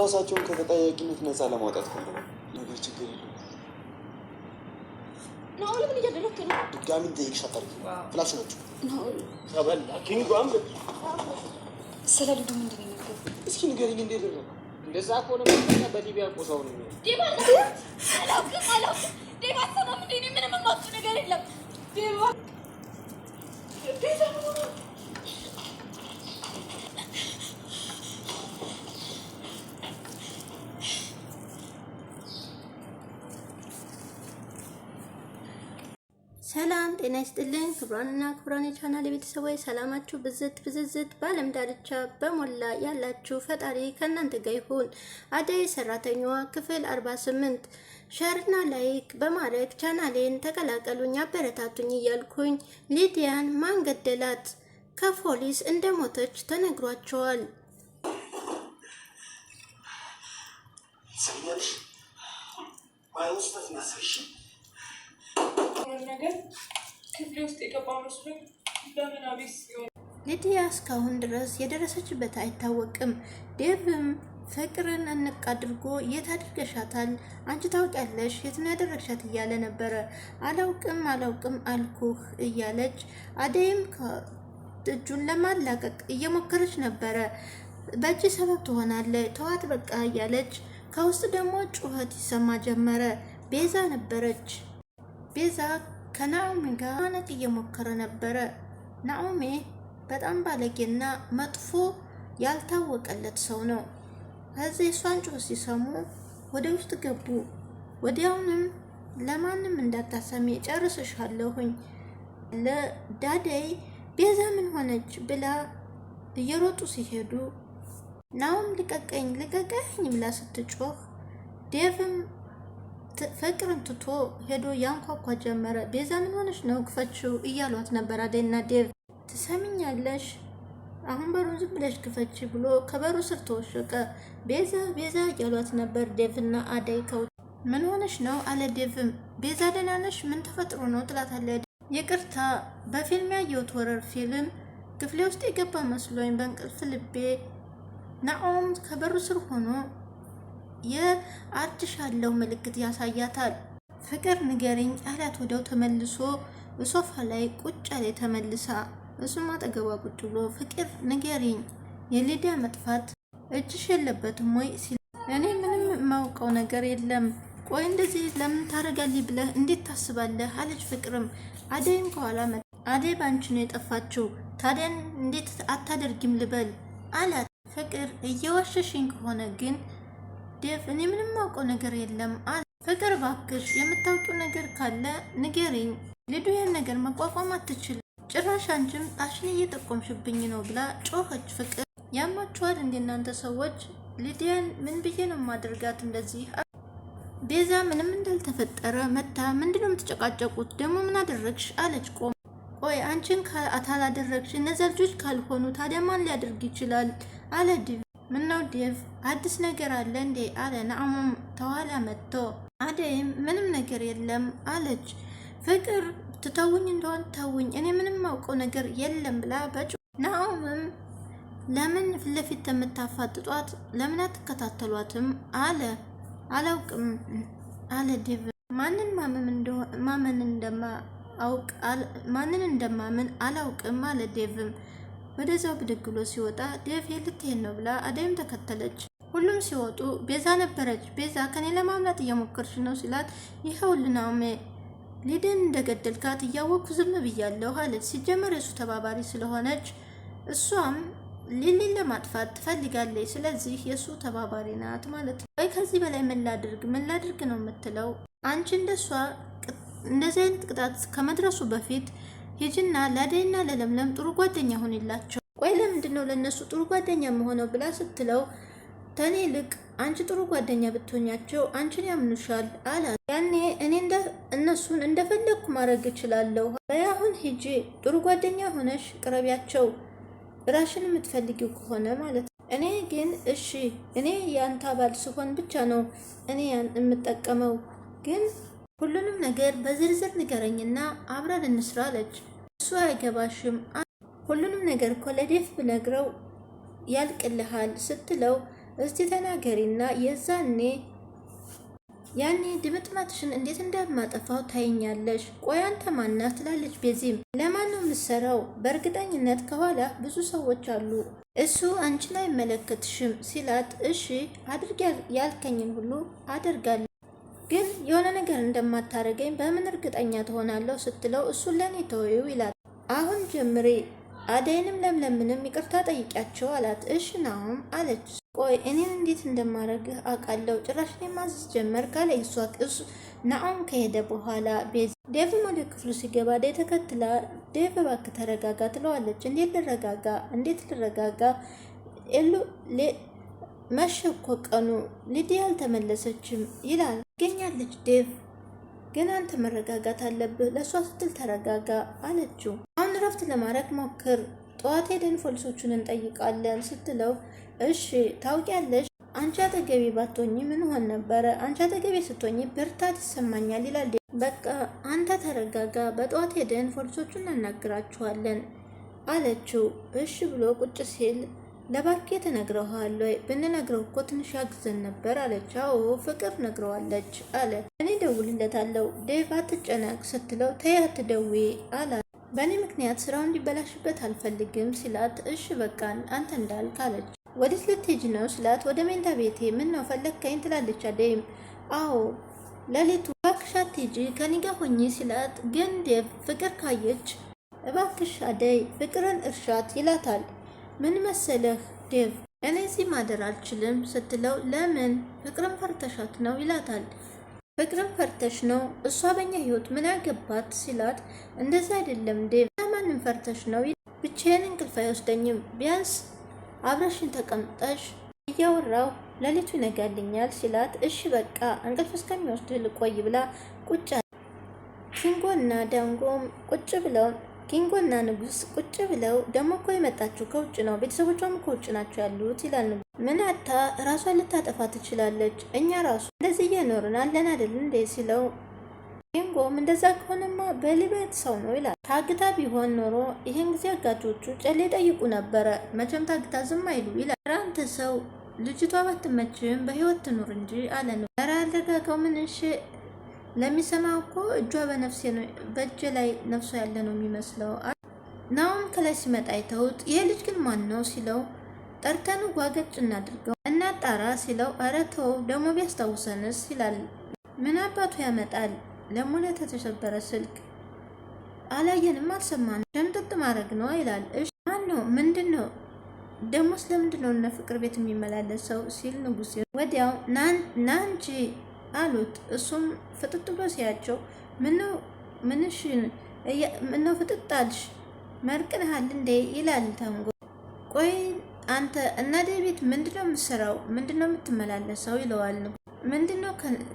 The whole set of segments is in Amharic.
ራሳቸውን ከተጠያቂነት ነፃ ለማውጣት ከሆነ ነገር ችግር የለም። ድጋሚ ጠይቅሻታል። ፍላሽ ናቸው። ስለ ልዱ ምንድን እስኪ ንገሪኝ። እንዴት ነው እንደዛ ከሆነ በሊቢያ ነው ምንም ነገር የለም ጤና ይስጥልን ክቡራንና ክቡራን የቻናል የቤተሰቦች ሰላማችሁ ብዝት ብዝዝት በዓለም ዳርቻ በሞላ ያላችሁ ፈጣሪ ከእናንተ ጋር ይሁን። አደይ ሰራተኛዋ ክፍል 48 ሸርና ላይክ በማድረግ ቻናሌን ተቀላቀሉኝ፣ አበረታቱኝ እያልኩኝ ሊዲያን ማን ገደላት? ከፖሊስ እንደሞተች ተነግሯቸዋል። ነገር ክፍሌ ውስጥ የገባ መስሎኝ ለምን አቤት ሲሆን ንዲያ እስካሁን ድረስ የደረሰችበት አይታወቅም። ዴቭም ፍቅርን እንቅ አድርጎ የት አድርገሻታል? አንቺ ታውቂያለሽ፣ የት ነው ያደረግሻት? እያለ ነበረ። አላውቅም አላውቅም አልኩህ እያለች አደይም እጁን ለማላቀቅ እየሞከረች ነበረ። በእጅ ሰበብ ትሆናለች፣ ተዋት በቃ እያለች ከውስጥ ደግሞ ጩኸት ይሰማ ጀመረ። ቤዛ ነበረች ቤዛ ከናኦሚ ጋር ማነት እየሞከረ ነበረ። ናኦሚ በጣም ባለጌና መጥፎ ያልታወቀለት ሰው ነው። ከዚ እሷን ጮህ ሲሰሙ ወደ ውስጥ ገቡ። ወዲያውንም ለማንም እንዳታሰሚ ጨርስሻለሁኝ ለዳደይ ቤዛ ምን ሆነች ብላ እየሮጡ ሲሄዱ ናኦም ልቀቀኝ ልቀቀኝ ብላ ስትጮህ ዴቭም ፍቅርን ትቶ ሄዶ ያንኳኳ ጀመረ። ቤዛ ምን ሆነች ነው ክፈችው እያሏት ነበር። አደይና ዴቭ ትሰሚኛለሽ አሁን በሩን ዝም ብለሽ ክፈች ብሎ ከበሩ ስር ተወሸቀ። ቤዛ ቤዛ እያሏት ነበር ዴቭና አደይ። ከው ምን ሆነች ነው አለ ዴቭም። ቤዛ ደህና ነሽ? ምን ተፈጥሮ ነው ትላታለች። ይቅርታ በፊልም ያየሁት ወረር ፊልም ክፍሌ ውስጥ የገባ መስሎኝ በእንቅልፍ ልቤ ናኦም ከበሩ ስር ሆኖ ያለው ምልክት ያሳያታል። ፍቅር ንገሪኝ አላት ወደው ተመልሶ ሶፋ ላይ ቁጭ ላይ ተመልሳ እሱም አጠገቧ ቁጭ ብሎ ፍቅር ንገሪኝ የሊዲያ መጥፋት እጅሽ የለበትም ወይ? እኔ ምንም የማውቀው ነገር የለም። ቆይ እንደዚህ ለምን ታደርጋለህ ብለህ እንዴት ታስባለህ? አለች ፍቅርም። አደይም ከኋላ መጣ። አደይ ባንቺ ነው የጠፋችው። ታዲያን እንዴት አታደርጊም ልበል አላት። ፍቅር እየዋሸሽኝ ከሆነ ግን ዴቭ እኔ ምንም አውቀው ነገር የለም አለ። ፍቅር እባክሽ የምታውቂው ነገር ካለ ንገሪኝ፣ ልዱ ይህን ነገር መቋቋም አትችልም፣ ጭራሽ አንቺም ጣሽን እየጠቆምሽብኝ ነው ብላ ጮኸች። ፍቅር ያማችኋል እንደ እናንተ ሰዎች ሊዲያን ምን ብዬ ነው ማድርጋት? እንደዚህ ቤዛ ምንም እንዳልተፈጠረ መታ ምንድነው የምትጨቃጨቁት ደግሞ ምን አደረግሽ አለች ቆም ቆይ አንቺን ካላደረግሽ እነዚያ ልጆች ካልሆኑ ታዲያ ማን ሊያደርግ ይችላል አለ ዲቪ ምነው ዴቭ አዲስ ነገር አለ እንዴ? አለ ናአሙም ተኋላ መጥቶ። አደይም ምንም ነገር የለም አለች። ፍቅር ትተውኝ እንደሆን ተውኝ፣ እኔ ምንም ማውቀው ነገር የለም ብላ በጭ ናኦምም ለምን ፊት ለፊት የምታፋጥጧት ለምን አትከታተሏትም? አለ አላውቅም አለ ዴቭ። ማንን ማመን እንደማምን አላውቅም አለ ዴቭም ወደዛው ብድግ ብሎ ሲወጣ ዴቭ ልትሄድ ነው ብላ አደይም ተከተለች። ሁሉም ሲወጡ ቤዛ ነበረች። ቤዛ ከኔ ለማምለጥ እየሞከርሽ ነው ሲላት፣ ይኸውልናውሜ ሊድን እንደገደልካት እያወቅኩ ዝም ብያለሁ አለች። ሲጀመር የሱ ተባባሪ ስለሆነች እሷም ሊሊን ለማጥፋት ትፈልጋለች። ስለዚህ የእሱ ተባባሪ ናት ማለት ነው። ወይ ከዚህ በላይ ምን ላድርግ ምን ላድርግ ነው የምትለው አንቺ እንደሷ እንደዚህ አይነት ቅጣት ከመድረሱ በፊት ሂጅና ለአደይና ለለምለም ጥሩ ጓደኛ ሆንላቸው። ቆይ ለምንድን ነው ለእነሱ ጥሩ ጓደኛ መሆነው ብላ ስትለው ተኔ ይልቅ አንቺ ጥሩ ጓደኛ ብትሆኛቸው አንቺን ያምኑሻል አላ ያኔ እኔ እነሱን እንደፈለግኩ ማድረግ እችላለሁ። በያሁን ሂጂ ጥሩ ጓደኛ ሆነሽ ቅረቢያቸው ራሽን የምትፈልጊው ከሆነ ማለት ነው። እኔ ግን እሺ እኔ ያንታ አባል ስሆን ብቻ ነው እኔ የምጠቀመው። ግን ሁሉንም ነገር በዝርዝር ንገረኝና አብረን እንስራ አለች። እሱ አይገባሽም። ሁሉንም ነገር እኮ ለዴፍ ብነግረው ያልቅልሃል ስትለው እስቲ ተናገሪና የዛኔ ያኔ ድምጥማትሽን እንዴት እንደማጠፋው ታይኛለሽ። ቆይ አንተ ማናት ትላለች ቤዚም። ለማን ነው የምትሰራው? በእርግጠኝነት ከኋላ ብዙ ሰዎች አሉ። እሱ አንቺን አይመለከትሽም ሲላት፣ እሺ አድርግ ያልከኝን ሁሉ አደርጋለሁ ግን የሆነ ነገር እንደማታደርገኝ በምን እርግጠኛ ትሆናለሁ ስትለው እሱን ለእኔ ተወዩ ይላል። አሁን ጀምሬ አደይንም ለምለምንም ይቅርታ ጠይቂያቸው አላት። እሽ ናሁም አለች። ቆይ እኔን እንዴት እንደማደርግህ አውቃለሁ። ጭራሽ እኔን ማዘዝ ጀመር ካለ ይሷቅ እሱ ናኦም ከሄደ በኋላ ቤዝ ዴቭ ወደ ክፍሉ ሲገባ ዴ ተከትላ ዴቭ እባክህ ተረጋጋ ትለዋለች። እንዴት ልረጋጋ? እንዴት ልረጋጋ? መሸ እኮ ቀኑ ሊዲያ አልተመለሰችም ይላል። ትገኛለች ዴቭ ግን አንተ መረጋጋት አለብህ፣ ለእሷ ስትል ተረጋጋ አለችው። አሁን እረፍት ለማድረግ ሞክር፣ ጠዋት ሄደን ፖሊሶቹን እንጠይቃለን ስትለው እሺ ታውቂያለሽ፣ አንቺ አጠገቤ ባትሆኚ ምን ሆን ነበረ? አንቺ አጠገቤ ስትሆኚ ብርታት ይሰማኛል ይላል። በቃ አንተ ተረጋጋ፣ በጠዋት ሄደን ፖሊሶቹን እናናግራችኋለን አለችው። እሺ ብሎ ቁጭ ሲል ለባርኬ ትነግረዋለህ ወይ? ብንነግረው እኮ ትንሽ ያግዘን ነበር አለች። አዎ ፍቅር ነግረዋለች አለ። እኔ እደውልለታለሁ ዴቭ አትጨነቅ ስትለው ተያት አትደውይ አላት። በእኔ ምክንያት ስራው እንዲበላሽበት አልፈልግም ሲላት እሺ በቃን አንተ እንዳልክ አለች። ወዴት ልትሄጂ ነው ሲላት፣ ወደ ሜንታ ቤቴ ምን ነው ፈለግከኝ? ትላለች አደይም አዎ ለሌቱ እባክሽ አትሄጂ ከእኔ ጋር ሆኚ ሲላት ግን ዴቭ ፍቅር ካየች እባክሽ አደይ ፍቅርን እርሻት ይላታል። ምን መሰለህ ዴቭ እኔ እዚህ ማደር አልችልም ስትለው ለምን ፍቅርን ፈርተሻት ነው ይላታል። ፍቅርን ፈርተሽ ነው እሷ በኛ ህይወት ምን ያገባት ሲላት፣ እንደዛ አይደለም ዴቭ ለማንም ፈርተሽ ነው ብቻዬን እንቅልፍ አይወስደኝም ቢያንስ አብረሽን ተቀምጠሽ እያወራው ሌሊቱ ይነጋልኛል ሲላት፣ እሺ በቃ እንቅልፍ እስከሚወስድ ልቆይ ብላ ቁጭ ሽንጎና ዳንጎም ቁጭ ብለው ኪንጎና ንጉስ ቁጭ ብለው ደሞ እኮ የመጣችው ከውጭ ነው፣ ቤተሰቦቿም ከውጭ ናቸው ያሉት ይላል ንጉስ። ምን አታ ራሷን ልታጠፋ ትችላለች። እኛ ራሱ እንደዚህ እየኖርን አለን አይደል እንዴ ሲለው ኪንጎም እንደዛ ከሆነማ በሊበት ሰው ነው ይላል። ታግታ ቢሆን ኖሮ ይህን ጊዜ አጋቾቹ ጨሌ ጠይቁ ነበረ። መቼም ታግታ ዝም አይሉ ይላል። ራንተ ሰው ልጅቷ ባትመችም በህይወት ትኑር እንጂ አለ ነው። ኧረ አልረጋጋው ምን እሺ ለሚሰማ እኮ እጇ በነፍሴ ነው በእጄ ላይ ነፍሷ ያለ ነው የሚመስለው። ናውም ከላይ ሲመጣ አይተውት ይሄ ልጅ ግን ማን ነው ሲለው ጠርተን ጓገጭ እናድርገው እናጣራ ሲለው ኧረ ተው ደግሞ ቢያስታውሰንስ ይላል። ምን አባቱ ያመጣል ለሙለ ተተሰበረ ስልክ አላየንም አልሰማንም ሸምጥጥ ማድረግ ነው ይላል። እሺ ማን ነው ምንድን ነው ደግሞ ስለምንድን ነው እነ ፍቅር ቤት የሚመላለሰው ሲል ንጉሴ ወዲያው ናንቺ አሉት። እሱም ፍጥጥ ብሎ ሲያቸው ምነው ምንሽን ምነው ፍጥጥ አልሽ መርቅልሃል እንዴ ይላል ተንጎ። ቆይ አንተ እና ዴቪድ ምንድነው የምትሰራው? ምንድነው የምትመላለሰው? ይለዋል ነው ምንድነው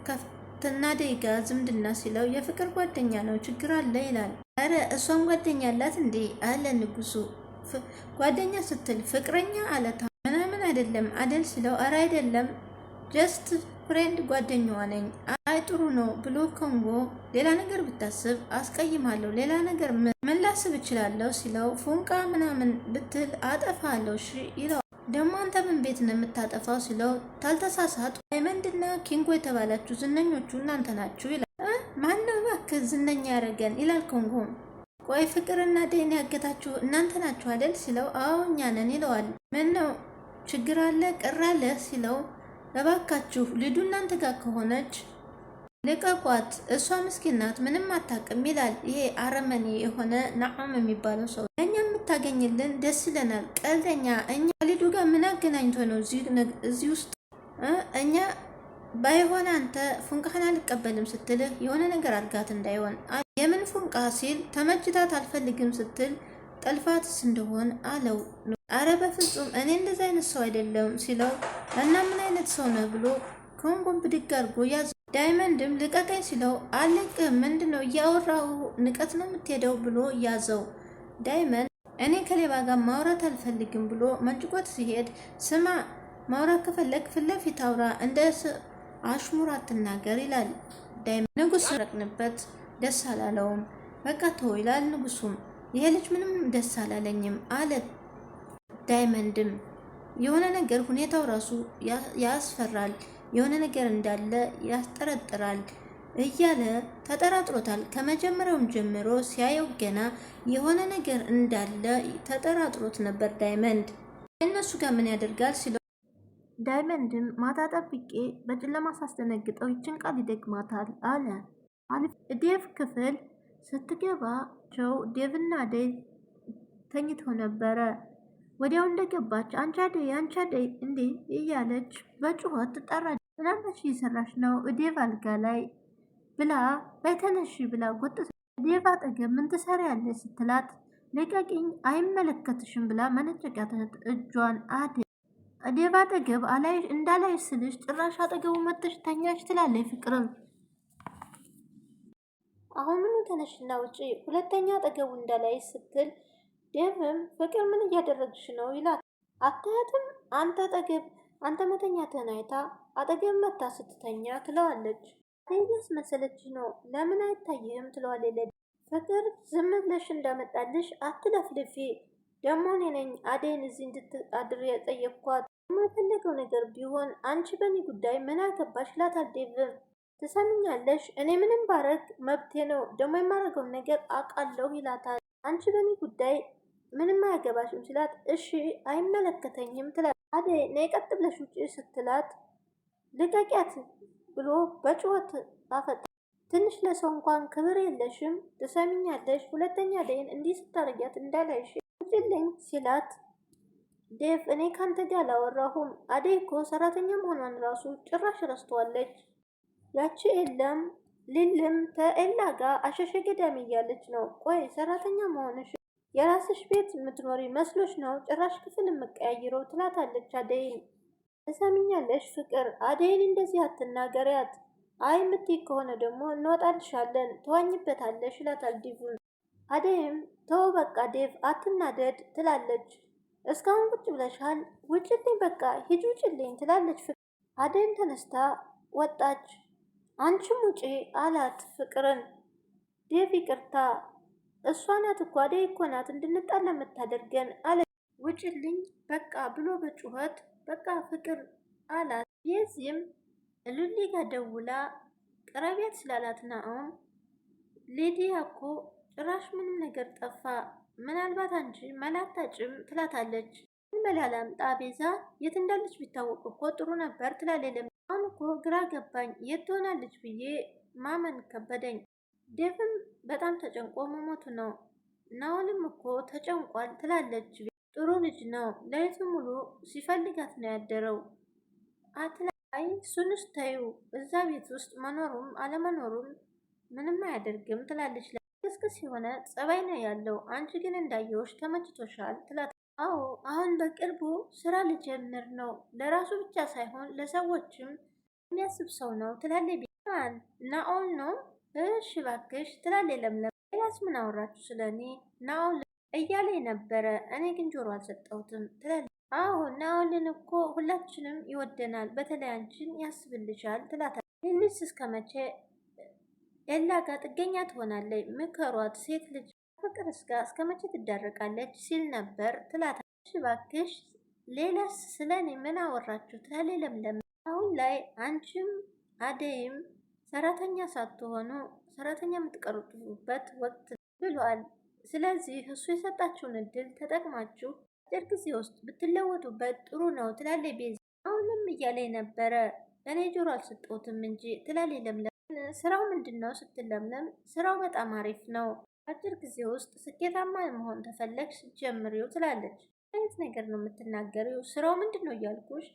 ከፍትናዴ ጋር ዝምድና ሲለው የፍቅር ጓደኛ ነው ችግር አለ ይላል። አረ እሷም ጓደኛ አላት እንዴ አለ ንጉሱ። ጓደኛ ስትል ፍቅረኛ አለታ ምናምን አይደለም አደል ሲለው አረ አይደለም ጀስት ፍሬንድ ጓደኛዋ ነኝ አይ ጥሩ ነው ብሎ ኮንጎ ሌላ ነገር ብታስብ አስቀይማለሁ፣ ሌላ ነገር ምን ላስብ እችላለሁ ሲለው ፉንቃ ምናምን ብትል አጠፋለሁ ሺ ይለዋል። ደግሞ አንተ ምን ቤት ነው የምታጠፋው ሲለው ታልተሳሳት ዳይመንድና ኪንጎ የተባላችሁ ዝነኞቹ እናንተ ናችሁ ይላል። ማነው እባክህ ዝነኛ ያደረገን ይላል ኮንጎም ቆይ ፍቅርና ደህን ያገታችሁ እናንተ ናችሁ አይደል ሲለው አዎ እኛ ነን ይለዋል። ምን ነው ችግር አለ ቅር አለ ሲለው እባካችሁ ልዱ እናንተ ጋር ከሆነች ልቀቋት፣ እሷ ምስኪናት ምንም አታውቅም ይላል ይሄ አረመኔ የሆነ ናዖም የሚባለው ሰው። እኛ የምታገኝልን ደስ ይለናል። ቀልደኛ እኛ ልዱ ጋር ምን አገናኝቶ ነው እዚህ ውስጥ እኛ ባይሆን አንተ ፉንቃህን አልቀበልም ስትልህ የሆነ ነገር አድርጋት እንዳይሆን የምን ፉንቃ ሲል ተመችታት አልፈልግም ስትል ጠልፋትስ እንደሆን አለው። አረ በፍጹም እኔ እንደዚ አይነት ሰው አይደለም ሲለው እና ምን አይነት ሰው ነው ብሎ ኮንጎን ብድግ አድርጎ ያዘ። ዳይመንድም ልቀቀኝ ሲለው አልቅ ምንድን ነው እያወራው ንቀት ነው የምትሄደው ብሎ ያዘው። ዳይመንድ እኔ ከሌባ ጋር ማውራት አልፈልግም ብሎ መንጭቆት ሲሄድ ስማ ማውራት ከፈለግ ፊት ለፊት አውራ እንደ አሽሙር አትናገር ይላል ዳይመንድ። ንጉስ ረቅንበት ደስ አላለውም። በቃ ተው ይላል ንጉሱም ይሄ ልጅ ምንም ደስ አላለኝም አለ ዳይመንድም። የሆነ ነገር ሁኔታው ራሱ ያስፈራል፣ የሆነ ነገር እንዳለ ያስጠረጥራል እያለ ተጠራጥሮታል። ከመጀመሪያውም ጀምሮ ሲያየው ገና የሆነ ነገር እንዳለ ተጠራጥሮት ነበር ዳይመንድ። እነሱ ጋር ምን ያደርጋል ሲለው ዳይመንድም ማታ ጠብቄ በጨለማ ሳስደነግጠው ይችን ቃል ይደግማታል አለ። ዴቭ ክፍል ስትገባ ሲጠራቸው ዴቭና ደይ ተኝተው ነበረ። ወዲያው እንደገባች አንቺ አደይ አንቺ አደይ እንዴ እያለች በጩኸት ትጠራ። ምናምነሽ እየሰራሽ ነው ዴቭ አልጋ ላይ ብላ በተነሽ ብላ ጎጥ ዴቭ አጠገብ ምን ትሰሪያለሽ ስትላት ልቀቂኝ አይመለከትሽም ብላ መነጨቂያትን እጇን አደ ዴቭ አጠገብ እንዳላይ ስልሽ ጭራሽ አጠገቡ መጥተሽ ተኛሽ ትላለች ፍቅርም አሁን ምኑ ተነሽና ውጪ፣ ሁለተኛ አጠገቡ እንደላይ ስትል ደምም ፍቅር ምን እያደረግሽ ነው ይላል። አታያትም አንተ አጠገብ አንተ መተኛ አይታ አጠገብ መታ ስትተኛ ትለዋለች። እያስመሰለች ነው ለምን አይታይህም ትለዋለች። ፍቅር ዝም ብለሽ እንዳመጣልሽ አትለፍልፊ፣ ደግሞ እኔ ነኝ አደይን እዚህ እንድትአድር የጠየቅኳት የማይፈለገው ነገር ቢሆን አንቺ በእኔ ጉዳይ ምን አገባሽ ላታል ዴቭም ትሰምኛለሽ? እኔ ምንም ባረግ መብቴ ነው፣ ደግሞ የማደርገውን ነገር አውቃለሁ ይላታል። አንቺ በእኔ ጉዳይ ምንም አያገባሽም ሲላት፣ እሺ አይመለከተኝም ትላለች። አደይ ነይ ቀጥ ብለሽ ውጪ ስትላት፣ ልቀቂያት ብሎ በጩኸት አፈጠ። ትንሽ ለሰው እንኳን ክብር የለሽም ትሰምኛለሽ? ሁለተኛ አደይን እንዲህ ስታረጊያት እንዳላይሽ ውጪልኝ ሲላት፣ ዴቭ እኔ ካንተ ጋር አላወራሁም አደይ እኮ ሰራተኛ መሆኗን ራሱ ጭራሽ ረስተዋለች ያቺ የለም ሊልም ተኤላ ጋር አሸሸ ገዳም እያለች ነው። ቆይ ሰራተኛ መሆንሽ የራስሽ ቤት የምትኖሪ መስሎች ነው ጭራሽ ክፍል የምቀያይረው ትላታለች አደይን። እሰምኛለሽ ፍቅር አደይን እንደዚህ አትናገሪያት። አይ ምትይ ከሆነ ደግሞ እንወጣልሻለን ተዋኝበታለሽ ይላታል ዲቡን። አደይም ተው በቃ ዴቭ አትናደድ ትላለች። እስካሁን ቁጭ ብለሻል፣ ውጭልኝ በቃ ሂጅ ውጭልኝ ትላለች ፍቅር። አደይም ተነስታ ወጣች። አንቺም ውጪ አላት ፍቅርን። ዴቭ ይቅርታ፣ እሷ ናት እኮ አደይ እኮ ናት የምታደርገን አለ። ውጭልኝ በቃ ብሎ በጩኸት በቃ ፍቅር አላት። የዚህም ሉሊ ደውላ ቅረቢያት ስላላት ናኦም ሌዲያ እኮ ጭራሽ ምንም ነገር ጠፋ፣ ምናልባት አንቺ መላታጭም ትላታለች። መላላምጣ ቤዛ የት እንዳለች ቢታወቅ እኮ ጥሩ ነበር ትላለች። አሁን እኮ ግራ ገባኝ። የት ትሆናለች ብዬ ማመን ከበደኝ። ዴቭም በጣም ተጨንቆ መሞቱ ነው። ናውልም እኮ ተጨንቋል ትላለች። ጥሩ ልጅ ነው። ለይቱ ሙሉ ሲፈልጋት ነው ያደረው። አትላይ ሱንስ ተዩ እዛ ቤት ውስጥ መኖሩም አለመኖሩም ምንም አያደርግም ትላለች። ክስክስ የሆነ ጸባይ ነው ያለው። አንቺ ግን እንዳየውሽ ተመችቶሻል ትላት አዎ አሁን በቅርቡ ስራ ልጀምር ነው። ለራሱ ብቻ ሳይሆን ለሰዎችም የሚያስብ ሰው ነው ትላሌ ቢል ናኦል ነው። እሺ ባክሽ ትላለች ለምለም። ሌላስ ምን አወራችሁ ስለ እኔ? ናኦል እያለ ነበረ፣ እኔ ግን ጆሮ አልሰጠሁትም ትላለች። አዎ ናኦልን እኮ ሁላችንም ይወደናል፣ በተለይ አንቺን ያስብልሻል ትላታ። ልጅ እስከ መቼ ኤላ ጋር ጥገኛ ትሆናለች? ምከሯት ሴት ልጅ ከፍቅር እስከ መቼ ትዳረቃለች ሲል ነበር ትላታሽ። እባክሽ ሌላስ ስለኔ ምን አወራችሁ? ትላሌ ለምለም አሁን ላይ አንቺም አደይም ሰራተኛ ሳትሆኑ ሰራተኛ የምትቀርጡበት ወቅት ብሏል። ስለዚህ እሱ የሰጣችሁን እድል ተጠቅማችሁ አጭር ጊዜ ውስጥ ብትለወጡበት ጥሩ ነው ትላሌ ቤዛ። አሁንም እያለ ነበረ እኔ ጆሮ አልሰጠሁትም እንጂ ትላሌ ለምለም። ስራው ምንድን ነው ስትለምለም፣ ስራው በጣም አሪፍ ነው አጭር ጊዜ ውስጥ ስኬታማ መሆን ተፈለግሽ ጀምሪው ትላለች። አይነት ነገር ነው የምትናገሪው? ስራው ምንድን ነው እያልኩሽ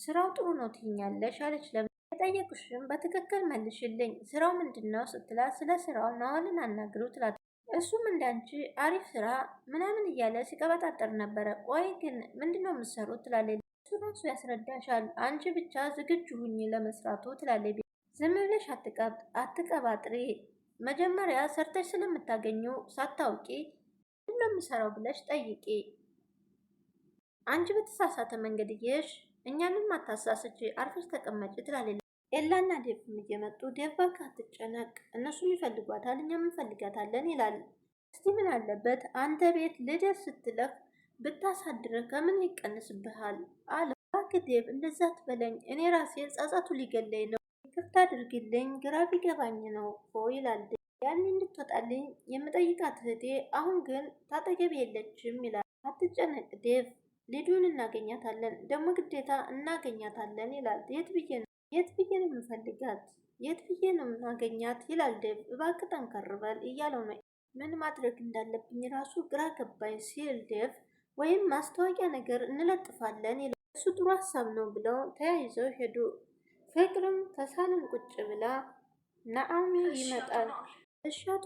ስራው ጥሩ ነው ትኛለሽ አለች። ለጠየቁሽም በትክክል መልሽልኝ ስራው ምንድን ነው ስትላ፣ ስለ ስራው ናዋልን አናግሩ ትላለች። እሱም እንዳንቺ አሪፍ ስራ ምናምን እያለ ሲቀበጣጠር ነበረ። ቆይ ግን ምንድን ነው የምትሰሩት ትላለ እሱ ራሱ ያስረዳሻል። አንቺ ብቻ ዝግጁ ሁኝ ለመስራቱ ትላለ። ዝም ብለሽ አትቀባጥሪ መጀመሪያ ሰርተሽ ስለምታገኘው ሳታውቂ ሁሉ ብለሽ ጠይቂ። አንቺ በተሳሳተ መንገድ እየሽ እኛንም አታሳስች፣ አርፈሽ ተቀመጭ ትላለች። ኤላና ዴቭም እየመጡ ዴቭ በቃ አትጨነቅ፣ እነሱም ይፈልጓታል፣ እኛም እንፈልጋታለን ይላል። እስቲ ምን አለበት አንተ ቤት ልደር ስትለፍ ብታሳድረ ከምን ይቀንስብሃል? አለ እባክህ ዴቭ እንደዛ ትበለኝ፣ እኔ ራሴ ጸጸቱ ሊገለኝ ነው ብታደርግልኝ ግራ ቢገባኝ ነው ይላል። ያን እንድትወጣልኝ የምጠይቃት እህቴ አሁን ግን ታጠገብ የለችም ይላል። አትጨነቅ ዴቭ፣ ልጁን እናገኛታለን፣ ደግሞ ግዴታ እናገኛታለን ይላል። የት ብዬ ነው የት ብዬ ነው የምፈልጋት የት ብዬ ነው የምናገኛት ይላል ዴቭ። እባክህ ጠንከር በል እያለው ነው። ምን ማድረግ እንዳለብኝ ራሱ ግራ ገባኝ ሲል ዴቭ፣ ወይም ማስታወቂያ ነገር እንለጥፋለን ይላል። እሱ ጥሩ ሀሳብ ነው ብለው ተያይዘው ሄዱ። ፍቅርም ከሳሎን ቁጭ ብላ ነአሜ ይመጣል። እሺ አቶ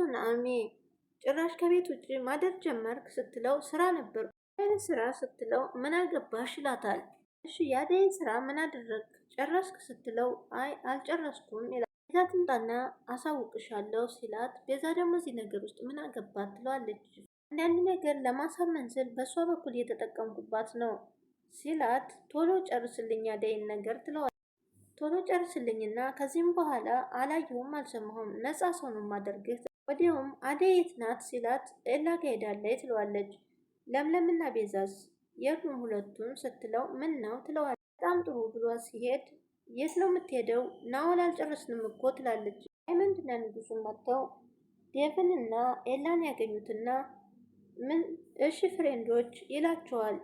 ጭራሽ ከቤት ውጭ ማደር ጀመርክ? ስትለው ስራ ነበር። አይነት ስራ ስትለው ምን አገባሽ ይላታል። እሺ ያደይን ስራ ምን አደረግ ጨረስክ? ስትለው አይ አልጨረስኩም ይላል። ቤዛ ትምጣና አሳውቅሻለሁ ሲላት፣ ቤዛ ደግሞ እዚህ ነገር ውስጥ ምን አገባት ትለዋለች። አንዳንድ ነገር ለማሳመን ስል በእሷ በኩል እየተጠቀምኩባት ነው ሲላት፣ ቶሎ ጨርስልኝ ያደይን ነገር ትለዋል። ቶሎ ጨርስልኝና ከዚህም በኋላ አላየሁም አልሰማሁም ነጻ ሰውንም አደርግህ ወዲያውም አደይ የት ናት ሲላት ኤላ ጋ ሄዳለች ትለዋለች። ለምለምና ቤዛዝ የሉም ሁለቱም ስትለው ምን ነው ትለዋለች። በጣም ጥሩ ብሏ ሲሄድ የት ነው የምትሄደው? ናወል አልጨረስንም እኮ ትላለች። ዳይመንድና ንጉሱ መጥተው ዴቭንና ኤላን ያገኙትና ምን እሺ ፍሬንዶች ይላቸዋል።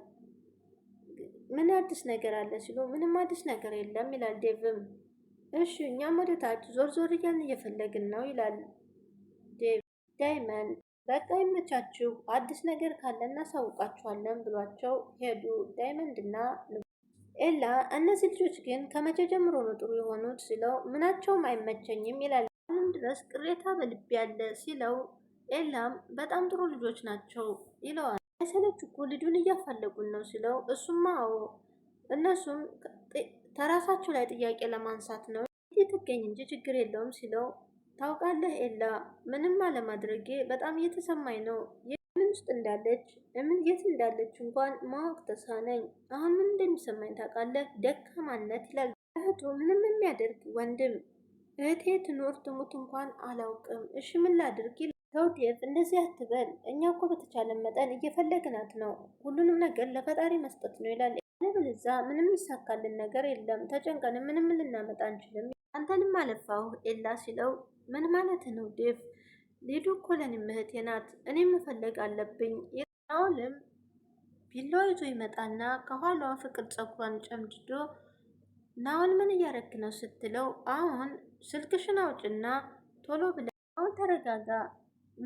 ምን አዲስ ነገር አለ ሲሉ ምንም አዲስ ነገር የለም ይላል ዴቭም። እሺ እኛም ወደ ታች ዞር ዞር እያልን እየፈለግን ነው ይላል ዴቭ። ዳይመንድ በቃ ይመቻችሁ፣ አዲስ ነገር ካለ እናሳውቃችኋለን ብሏቸው ሄዱ። ዳይመንድ እና ኤላ እነዚህ ልጆች ግን ከመቼ ጀምሮ ነው ጥሩ የሆኑት ሲለው ምናቸውም አይመቸኝም ይላል። አሁን ድረስ ቅሬታ በልቤ ያለ ሲለው ኤላም በጣም ጥሩ ልጆች ናቸው ይለዋል። አይሰለች እኮ ልጁን እያፈለጉን ነው ሲለው፣ እሱማ አዎ እነሱም ተራሳቸው ላይ ጥያቄ ለማንሳት ነው ትገኝ እንጂ ችግር የለውም ሲለው፣ ታውቃለህ ኤላ ምንም አለማድረጌ በጣም እየተሰማኝ ነው። የምን ውስጥ እንዳለች ምን የት እንዳለች እንኳን ማወቅ ተሳነኝ። አሁን ምን እንደሚሰማኝ ታውቃለህ? ደካማነት ይላል። እህቱ ምንም የሚያደርግ ወንድም እህቴ ትኖር ትሙት እንኳን አላውቅም። እሺ ምን ላድርግ? ተውዴፍ እንደዚህ አትበል። እኛ እኮ በተቻለ መጠን እየፈለግናት ነው። ሁሉንም ነገር ለፈጣሪ መስጠት ነው ይላል። ለብልዛ ምንም ይሳካልን ነገር የለም። ተጨንቀንም ምንም ልናመጣ አንችልም። አንተንም አለፋው ኤላ ሲለው ምን ማለት ነው ዴፍ ሊዱ እኮ ለኔ እህቴ ናት። እኔ መፈለግ አለብኝ። አሁንም ቢላዋ ይዞ ይመጣና ከኋላዋ ፍቅር ፀጉሯን ጨምድዶ ናሁን ምን እያረክ ነው ስትለው አሁን ስልክሽን አውጭና ቶሎ ብለ አሁን ተረጋጋ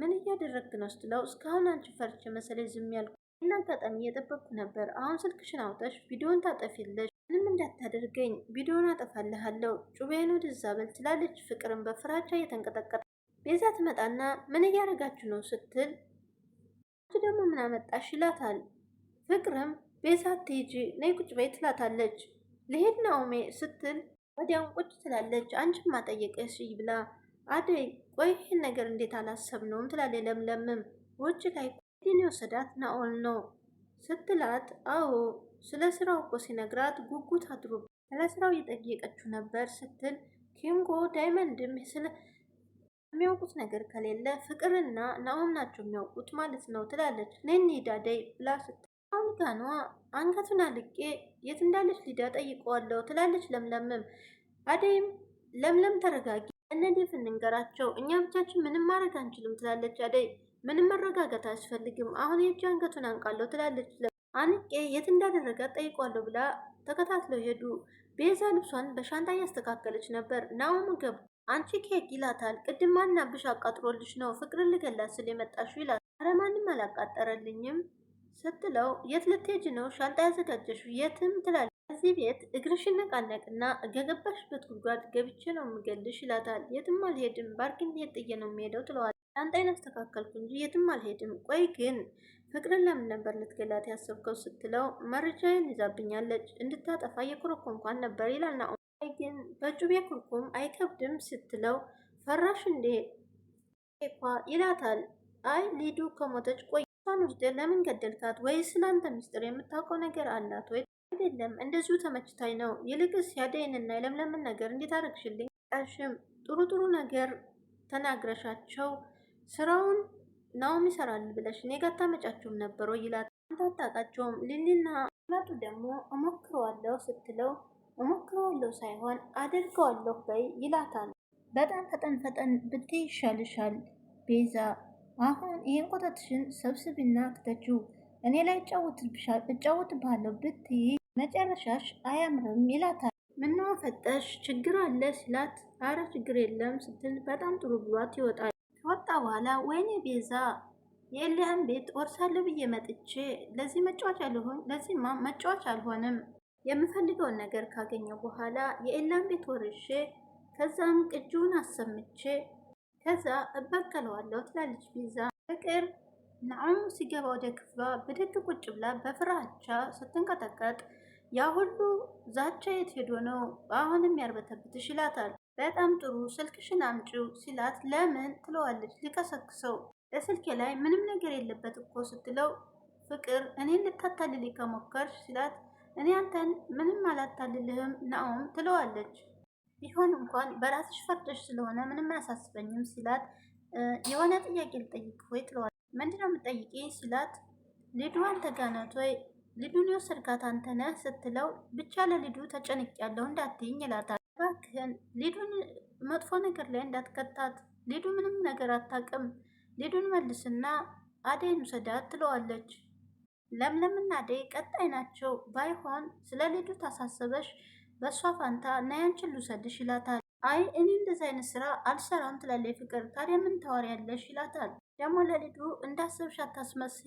ምን እያደረግክ ነው ስትለው እስካሁን አንቺ ፈርቼ መሰለኝ ዝም ያልኩ እና አጋጣሚ እየጠበቅኩ ነበር። አሁን ስልክሽን አውጠሽ ቪዲዮን ታጠፊለሽ። ምንም እንዳታደርገኝ ቪዲዮን አጠፋልሃለሁ፣ ጩቤን ወደዛ በል ትላለች። ፍቅርን በፍራቻ እየተንቀጠቀጠ ቤዛ ትመጣና ምን እያደረጋችሁ ነው ስትል አንቺ ደግሞ ምን አመጣሽ ይላታል። ፍቅርም ቤዛ ትሄጂ ነይ ቁጭ በይ ትላታለች። ልሄድ ናውሜ ስትል ወዲያውን ቁጭ ትላለች። አንቺን ማጠየቀሽ ብላ አደይ ቆይ ይህን ነገር እንዴት አላሰብነውም? ትላለ ለምለምም ውጭ ላይ ዲን የወሰዳት ናኦል ነው ስትላት፣ አዎ ስለ ስራው እኮ ሲነግራት ጉጉት አድሮ ስለ ስራው እየጠየቀችው ነበር ስትል ኪንጎ ዳይመንድም ስለ የሚያውቁት ነገር ከሌለ ፍቅርና ናኦም ናቸው የሚያውቁት ማለት ነው ትላለች። ነኒ ዳደይ ብላ ስትል ጋኗ አንገቱን አልቄ የት እንዳለች ሊዳ ጠይቀዋለሁ ትላለች ለምለምም አደይም ለምለም ተረጋጊ እነዴፍ እንንገራቸው እኛ ብቻችን ምንም ማድረግ አንችልም ትላለች አደይ። ምንም መረጋጋት አያስፈልግም አሁን የእጅ አንገቱን አንቃለሁ ትላለች። አንቄ የት እንዳደረገ ጠይቋለሁ ብላ ተከታትለው ሄዱ። ቤዛ ልብሷን በሻንጣ እያስተካከለች ነበር። ናውም ገቡ። አንቺ ኬክ ይላታል። ቅድም ማናብሽ አቃጥሮልሽ ነው ፍቅርን ልገላት ስል የመጣሽው ይላል። አረማንም ማንም አላቃጠረልኝም ስትለው የት ልትሄጂ ነው ሻንጣ ያዘጋጀሽው የትም ትላለች። እዚህ ቤት እግርሽን ነቃነቅና ገገባሽበት ጉድጓድ ገብቼ ነው የምገልሽ ይላታል። የትም አልሄድም፣ ባርኪን የት ጥዬ ነው የምሄደው ትለዋል። ሻንጣዬን አስተካከልኩ እንጂ የትም አልሄድም። ቆይ ግን ፍቅርን ለምን ነበር ልትገላት ያሰብከው ስትለው መረጃዬን ይዛብኛለች እንድታጠፋ እንኳን ነበር ይላል። ና ቆይ ግን በጩቤ ኩርኩም አይከብድም ስትለው ፈራሽ እንዴ ኳ ይላታል። አይ ሊዱ ከሞተች ቆይ ሳን ውስጥ ለምን ገደልካት? ወይ ስላንተ ሚስጥር የምታውቀው ነገር አላት ወይ አይደለም እንደዚሁ ተመችታኝ ነው። ይልቅስ ያደይንና የለምለምን ነገር እንዴት አደረግሽልኝ? ቀሽም ጥሩ ጥሩ ነገር ተናግረሻቸው ስራውን ናውም ይሰራል ብለሽ እኔ ጋር ታመጫቸውም ነበረ ይላት። አንተ አታውቃቸውም ሊሊና ላጡ ደግሞ እሞክረዋለሁ ስትለው እሞክረዋለሁ ሳይሆን አደርገዋለሁ በይ ይላታል። በጣም ፈጠን ፈጠን ብትይ ይሻልሻል ቤዛ። አሁን ይህን ቆጠትሽን ሰብስብና ክተችው እኔ ላይ እጫወትብሻለሁ ብትይ መጨረሻሽ አያምርም ይላታል። ምነው ፈጠሽ ችግር አለ ሲላት፣ አረ ችግር የለም ስትል በጣም ጥሩ ብሏት ይወጣል። ከወጣ በኋላ ወይኔ ቤዛ የእልህን ቤት ወርሳለሁ ብዬ መጥቼ ለዚህ መጫወች አልሆን ለዚህማ መጫወች አልሆንም። የምፈልገውን ነገር ካገኘው በኋላ የእልህን ቤት ወርሼ ከዛም ቅጂውን አሰምቼ ከዛ እበቀለዋለሁ ትላለች ቤዛ። ፍቅር ናዑም ሲገባ ወደ ክፍሏ ብድግ ቁጭ ብላ በፍራቻ ስትንቀጠቀጥ ያ ሁሉ ዛቻ የት ሄዶ ነው? አሁንም ያርበተብትሽ ይላታል። በጣም ጥሩ ስልክሽን አምጪው ሲላት ለምን ትለዋለች። ሊቀሰቅሰው በስልኬ ላይ ምንም ነገር የለበት እኮ ስትለው ፍቅር እኔን ልታታልል ከሞከርሽ ሲላት እኔ አንተን ምንም አላታልልህም ናኦም ትለዋለች። ቢሆን እንኳን በራስሽ ፈርደሽ ስለሆነ ምንም አያሳስበኝም ሲላት የሆነ ጥያቄ ልጠይቅ ወይ ትለዋለች። ምንድነው የምጠይቂ ሲላት ሊድዋን ተጋናት ወይ ልዱን የወሰድካት አንተ ነህ ስትለው ብቻ ለልዱ ያለው እንዳትይኝ ይላታል። እባክህን ልዱን መጥፎ ነገር ላይ እንዳትከታት፣ ልዱ ምንም ነገር አታውቅም፣ ልዱን መልስና አደይን ውሰዳት ትለዋለች። ለምለምና አደይ ቀጣይ ናቸው። ባይሆን ስለ ልዱ ታሳሰበሽ፣ በእሷ ፋንታ ናያንችን ልውሰድሽ ይላታል። አይ እኔ እንደዚህ አይነት ስራ አልሰራም ትላለች ፍቅር። ታዲያ ምን ታወሪያለሽ ይላታል። ደግሞ ለልዱ እንዳሰብሽ አታስመስሄ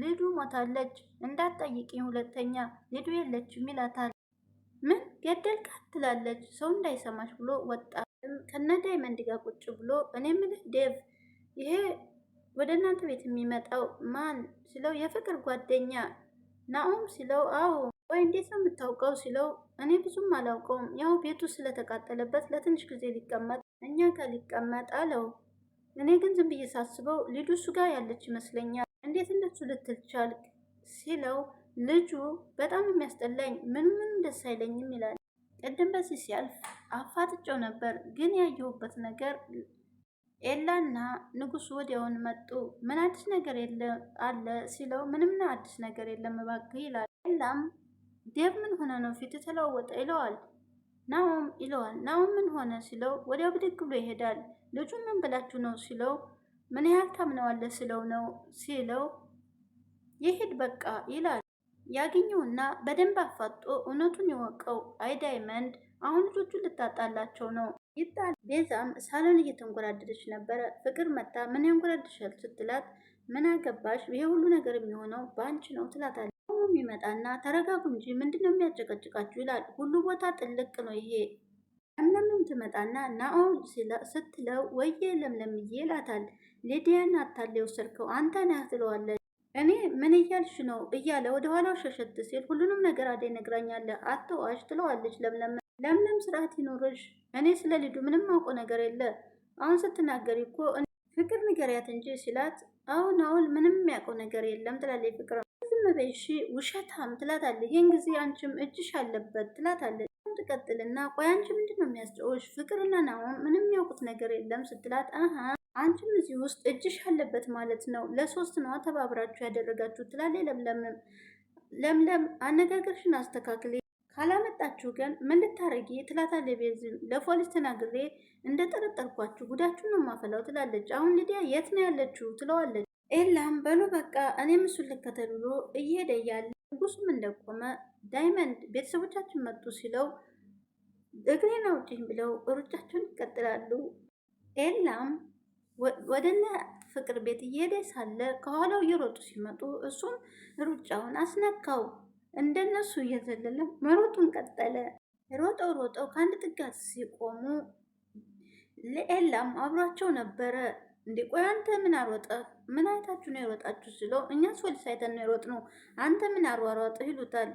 ልዱ ሞታለች እንዳትጠይቂኝ ሁለተኛ ልዱ የለችም ይላታል። ምን ገደልካት ትላለች። ሰው እንዳይሰማሽ ብሎ ወጣ። ከነ ዳይመንድ ጋር ቁጭ ብሎ እኔ ምልህ ዴቭ ይሄ ወደ እናንተ ቤት የሚመጣው ማን ሲለው የፍቅር ጓደኛ ናኦም ሲለው አዎ ወይ እንዴት ነው የምታውቀው ሲለው እኔ ብዙም አላውቀውም ያው ቤቱ ስለተቃጠለበት ለትንሽ ጊዜ ሊቀመጥ እኛ ጋር ሊቀመጥ አለው እኔ ግን ዝም ብዬ ሳስበው ሊዱ እሱ ጋር ያለች ይመስለኛል ልትል ልትልቻል ሲለው ልጁ በጣም የሚያስጠላኝ ምን ምን ደስ አይለኝም ይላል። ቅድም በዚህ ሲያልፍ አፋጥጨው ነበር፣ ግን ያየሁበት ነገር ኤላና ንጉሱ ወዲያውን መጡ። ምን አዲስ ነገር አለ ሲለው ምንም አዲስ ነገር የለም እባክህ ይላል። ኤላም ዴብ ምን ሆነ ነው ፊት ተለዋወጠ ይለዋል። ናኦም ይለዋል። ናኦም ምን ሆነ ሲለው ወዲያው ብድግ ብሎ ይሄዳል። ልጁ ምን ብላችሁ ነው ሲለው ምን ያህል ታምነዋለህ ስለው ነው ሲለው ይሄድ በቃ ይላል። ያገኘውና በደንብ አፋጦ እውነቱን የወቀው አይዳይመንድ አሁን ልጆቹን ልታጣላቸው ነው። ይጣል ቤዛም ሳሎን እየተንጎራደደች ነበረ። ፍቅር መጣ፣ ምን ያንጎራድሻል ስትላት ምን አገባሽ ይሄ ሁሉ ነገር የሚሆነው በአንቺ ነው ትላታለች። ሁሉም ይመጣና ተረጋጉ እንጂ ምንድን ነው የሚያጨቀጭቃችሁ ይላል። ሁሉ ቦታ ጥልቅ ነው ይሄ ለምለምም ትመጣና ናኦል ስትለው ወየ ለምለምዬ ይላታል። ሌዲያን አታለው ስርከው አንተ ነህ ትለዋለች። እኔ ምን እያልሽ ነው እያለ ኋላው ሸሸት ሲል ሁሉንም ነገር አደይ ነግራኛለ፣ አትዋሽ ትለዋለች ለምለም። ለምለም ስርዓት ይኖርሽ፣ እኔ ስለ ልጁ ምንም አውቆ ነገር የለ። አሁን ስትናገሪ እኮ ፍቅር ንገሪያት እንጂ ሲላት፣ አሁን አሁን ምንም የሚያውቀው ነገር የለም ትላለች ፍቅር። ዝም በይ እሺ ውሸታም ትላታለች። ይህን ጊዜ አንቺም እጅሽ አለበት ትላታለች። ትቀጥልና ቆይ አንቺ ምንድን ነው የሚያስጨውሽ? ፍቅርና ናሆም ምንም ያውቁት ነገር የለም ስትላት፣ አሃ አንቺም እዚህ ውስጥ እጅሽ አለበት ማለት ነው። ለሶስት ነዋ ተባብራችሁ ያደረጋችሁ ትላለ ለምለምም። ለምለም አነጋገርሽን አስተካክሌ ካላመጣችሁ ግን ምን ልታረጊ ትላታለች ቤዛን። ለፖሊስ ተናግሬ እንደ ጠረጠርኳችሁ ጉዳችሁን ነው ማፈላው ትላለች። አሁን ልዲያ የት ነው ያለችው ትለዋለች። ኤላም በሉ በቃ እኔ ምሱን ልከተል ብሎ እየሄደ እያለ ንጉሱም እንደቆመ ዳይመንድ ቤተሰቦቻችን መጡ ሲለው እግሬን አውጪኝ ብለው ሩጫቸውን ይቀጥላሉ። ኤላም ወደነ ፍቅር ቤት እየሄደ ሳለ ከኋላው እየሮጡ ሲመጡ እሱም ሩጫውን አስነካው። እንደነሱ እየዘለለ መሮጡን ቀጠለ። ሮጠው ሮጠው ከአንድ ጥጋት ሲቆሙ ለኤላም አብሯቸው ነበረ። እንዴ ቆይ አንተ ምን አሮጠ? ምን አይታችሁ ነው የሮጣችሁ ስለው እኛ ወልስ አይተን ነው የሮጥ ነው፣ አንተ ምን አሯሯጥ ይሉታል።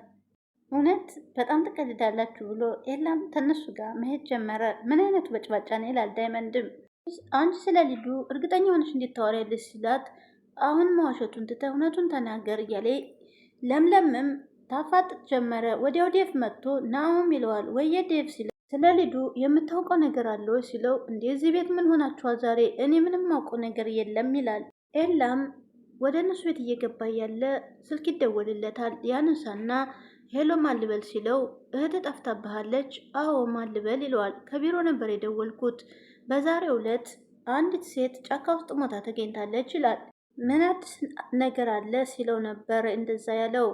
እውነት በጣም ትቀልዳላችሁ ብሎ ኤላም ተነሱ ጋር መሄድ ጀመረ። ምን አይነቱ በጭባጫ ነው ይላል ዳይመንድም አንቺ ስለ ልጁ እርግጠኛ ሆነሽ እንዴት ታወሪያለሽ? ሲላት አሁን መዋሸቱን ትተ እውነቱን ተናገር እያለ ለምለምም ታፋጥጥ ጀመረ። ወዲያው ዴፍ መጥቶ ናኦም ይለዋል። ወየ ዴቭ ሲለ ስለ ልጁ የምታውቀው ነገር አለው ሲለው እንዴ እዚህ ቤት ምን ሆናችኋል ዛሬ? እኔ ምንም ማውቀው ነገር የለም ይላል። ኤላም ወደ እነሱ ቤት እየገባ ያለ ስልክ ይደወልለታል። ያነሳና ሄሎ ማልበል ሲለው እህት ጠፍታብሃለች? አዎ ማልበል ይለዋል። ከቢሮ ነበር የደወልኩት። በዛሬው ዕለት አንዲት ሴት ጫካ ውስጥ ሞታ ተገኝታለች ይላል። ምን አዲስ ነገር አለ ሲለው ነበር እንደዛ ያለው።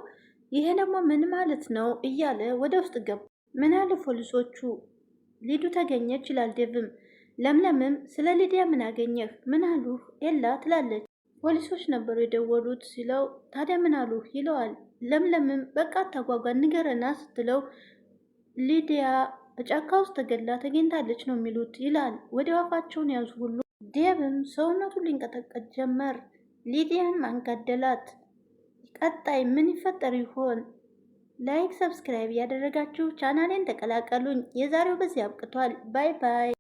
ይሄ ደግሞ ምን ማለት ነው እያለ ወደ ውስጥ ገባ። ምን አለ ፖሊሶቹ ሊዱ ተገኘች ይላል ዴቭም። ለምለምም ስለ ሊዲያ ምን አገኘህ? ምን አሉህ? ኤላ ትላለች። ፖሊሶች ነበሩ የደወሉት ሲለው ታዲያ ምን አሉህ ይለዋል። ለምለምም በቃ አታጓጓ ንገረና ስትለው ሊዲያ በጫካ ውስጥ ተገላ ተገኝታለች ነው የሚሉት ይላል። ወደ አፋቸውን ያዙ ሁሉ ዴብም ሰውነቱ ሊንቀጠቀጥ ጀመር። ሊዲያን ማንጋደላት ቀጣይ ምን ይፈጠር ይሆን? ላይክ ሰብስክራይብ ያደረጋችሁ ቻናሌን ተቀላቀሉኝ። የዛሬው በዚህ አብቅቷል። ባይ ባይ።